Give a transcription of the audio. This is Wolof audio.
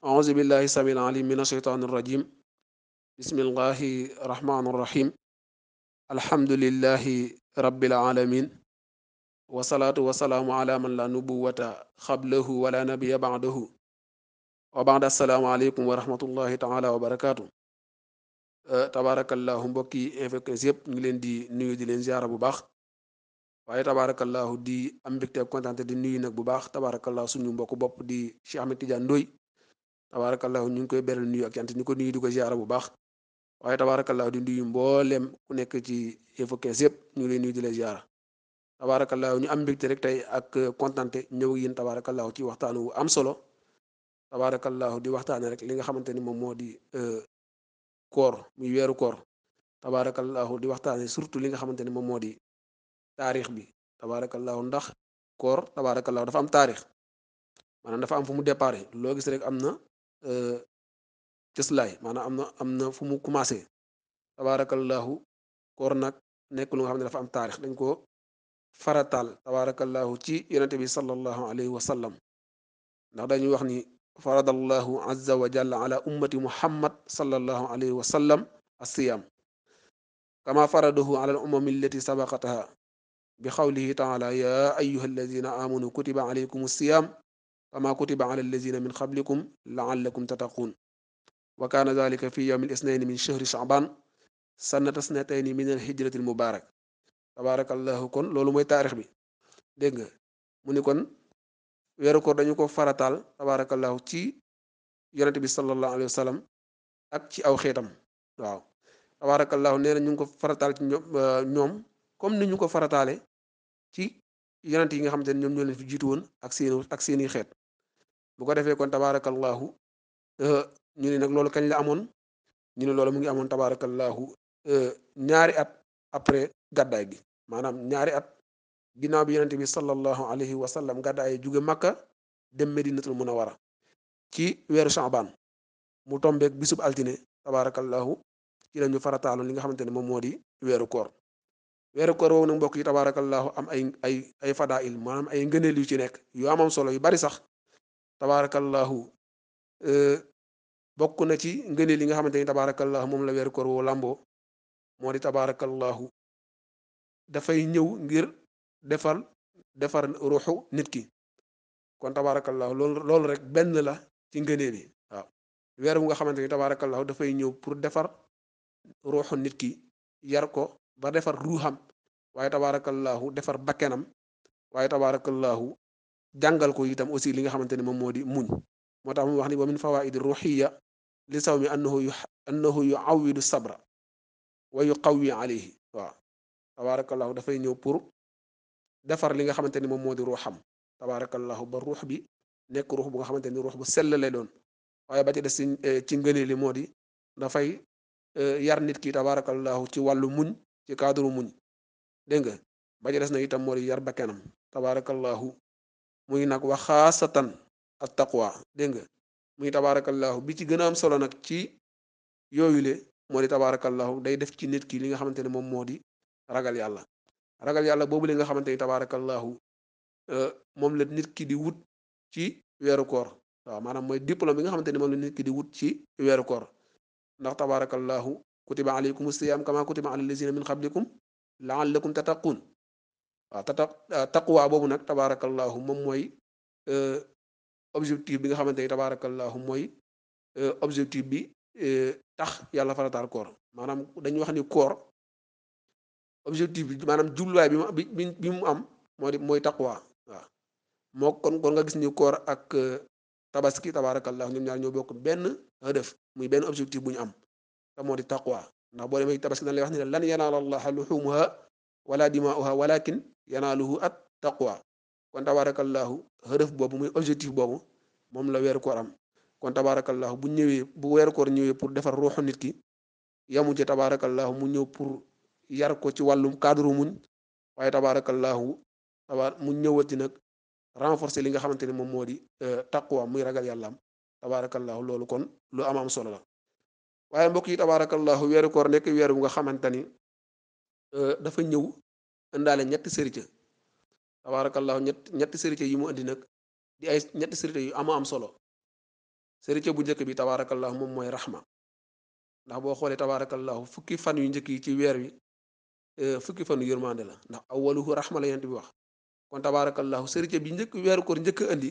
أعوذ بالله السميع العليم من الشيطان الرجيم بسم الله الرحمن الرحيم الحمد لله رب العالمين والصلاة والسلام على من لا نبوة قبله ولا نبي بعده وبعد السلام عليكم ورحمة الله تعالى وبركاته أه، تبارك الله بكي إنفك زيب نلين دي نيو دي لين زيارة بباخ waye tabarak allah di am bikte contente di nuyu nak bu baax tabarak allah suñu mbokk bop di cheikh ahmed tidiane ndoy tabaarakallaahu ñu ngi koy beral nuyu ak cant ni ko nii di ko ziara bu baax waaye tabaarakallaahu di nuyu mboolem ku nekk ci Infos yëpp ñu ngi lay nuyu di la ziara tabaarakallaahu ñu am mbégte rek tey ak kontante ñëw yéen tabaarakallaahu ci waxtaan wu am solo tabaarakallaahu di waxtaane rek li nga xamante ni moom moo di euh, koor muy weeru koor tabaarakallaahu di waxtaane surtout li nga xamante ni moom moo di taarix bi tabaarakallaahu ndax koor tabaarakallaahu dafa am taarix maanaam dafa am fu mu départ loo gis rek am na cëslaay euh, maanaam am na am na fu mu commencé tabaarakallahu koor nag nekk lu nga xam ne dafa am taarix dañ ko faratal tabaarakallahu ci yonente bi sallallahu alayhi wa ndax dañuy wax ni faradallahu azza wa jalla ala ummati muhammad sallallahu alayhi wa sallam asiyam kama faradahu ala al umami allati sabaqataha bi xawlihi taala ya ayuha alladina amanu kutiba alaykum asiyam كما كتب على الذين من قبلكم لعلكم تتقون وكان ذلك في يوم الاثنين من شهر شعبان سنة سنتين من الهجرة المبارك تبارك الله كون لولو موي تاريخ بي دغ موني كون ويرو كو دانيو كو فراتال تبارك الله تي يونت بي صلى الله عليه وسلم اك تي او خيتام واو تبارك الله نينا نيو كو فراتال تي نيوم كوم ني نيو كو فراتالي تي يونت ييغا خامتاني نيوم نيو لين في جيتو اك سيني اك سيني خيت bu ko defee kon tabaarakallaahu euh, ñu ne nag loolu kañ la amoon ñu ne loolu mu ngi amoon tabaarakallaahu euh, ñaari at après gàddaay gi maanaam ñaari at ginnaaw bi yonente bi sallallahu alayhi wa sallam gàddaay jóge Makka dem Medinatul Munawara ci weeru Shaaban mu tombeeg bisub altine tabaarakallaahu ci la ñu farataaloon li nga xamante ne moom moo di weeru koor weeru koor woowu nag mbokk yi tabaarakallaahu am ay ay ay fadail maanaam ay ngëneel yu ci nekk yu amam solo yu bari sax tabaarakallaahu euh, bokk na ci ngëneel li nga xamante ni tabaarakallaahu moom la weeru koor woo làmboo moo di tabaarakallaahu dafay ñëw ngir defar defar ruuxu nit ki kon tabaarakallaahu lool lool rek benn la ci ngëneel yi waaw weer wu nga xamante ni tabaarakallaahu dafay ñëw pour defar ruuxu nit ki yar ko ba defar ruuxam waaye tabaarakallaahu defar bakkenam waaye tabaarakallaahu jàngal ko itam aussi li nga xamante ne moom moo di muñ moo tax mu wax ni wa min fawaidi ruxiya li saw sawmi annahu annahu yuawidu sabra wayu yuqawi alayhi waaw tabaarakallahu dafay ñëw pour defar li nga xamante ni moom moo di ruuxam tabaarakallahu ba ruux bi nekk ruux bu nga xamante ni ruux bu sell lee doon waaye ba ci des ci eh, ngëneel li moo di dafay eh, yar nit ki tabaarakallahu ci wàllu muñ ci cadre muñ dégg nga ba ci des na itam moo di yar bakkanam tabaarakallahu muy nag waxaasatan at taqwa dégg nga muy tabaarakallahu bi ci gën a am solo nag ci yooyule moo di tabaarakallahu day def ci nit ki li nga xamante ne moom moo di ragal yàlla ragal yàlla boobu li nga xamante ni tabaarakallahu euh, moom la nit ki di wut ci weeru koor waaw maanaam mooy diplôme bi nga xamante ni moom la nit ki di wut ci weeru koor ndax tabaarakallahu kutiba alaykum siyam kama kutiba ala lazina min qablikum laallakum tattaqun waaw te eh, taqwa boobu nag tabaarakallaahu moom mooy eh, objectif bi nga xamante ni tabaarakallaahu mooy eh, objectif bi tax yàlla farataal koor maanaam dañuy wax ni koor objectif bi maanaam jubluwaay bi mu bi bi mu am moo di mooy taqwa waaw moo kon kon nga gis ni koor ak tabaski tabaarakallaahu ñoom ñaar ñoo bokk benn hëdëf muy benn objectif bu ñu am ta moo di taqwa ndax boo demee tabaski dañ lay wax ni lan yanaala llaaha luhuumuhaa wala dimaa'uhaa walakin yanaaluhu at taqwa kon tabaarakallaahu xërëf boobu muy objectif boobu moom la weeru koor am kon tabaarakallaahu bu ñëwee bu weeru koor ñëwee pour defar ruuxu nit ki yamu ci tabaarakallaahu mu ñëw pour yar ko ci wàllum cadre muñ waaye tabaarakallaahu tabaar mu ñëwati nag renforcer li nga xamante ne moom moo di euh, taqwa muy ragal yàllaam tabaarakallaahu loolu kon lu am am solo la waaye mbokk yi weeru bu nga xamante ni euh, dafa ñëw indaale ñetti sërite tabaarakallaahu ñett ñetti sërite yi mu indi nag di ay ñetti sërite yu ama am solo sërite bu njëkk bi tabaarakallaahu moom mooy raxma ndax boo xoolee tabaarakallaahu fukki fan yu njëkk yi ci weer wi eh, fukki fan yu yërmande la ndax awwaluhu raxma la yonent bi wax kon tabaarakallaahu sërite bi njëkk weeru koor njëkk indi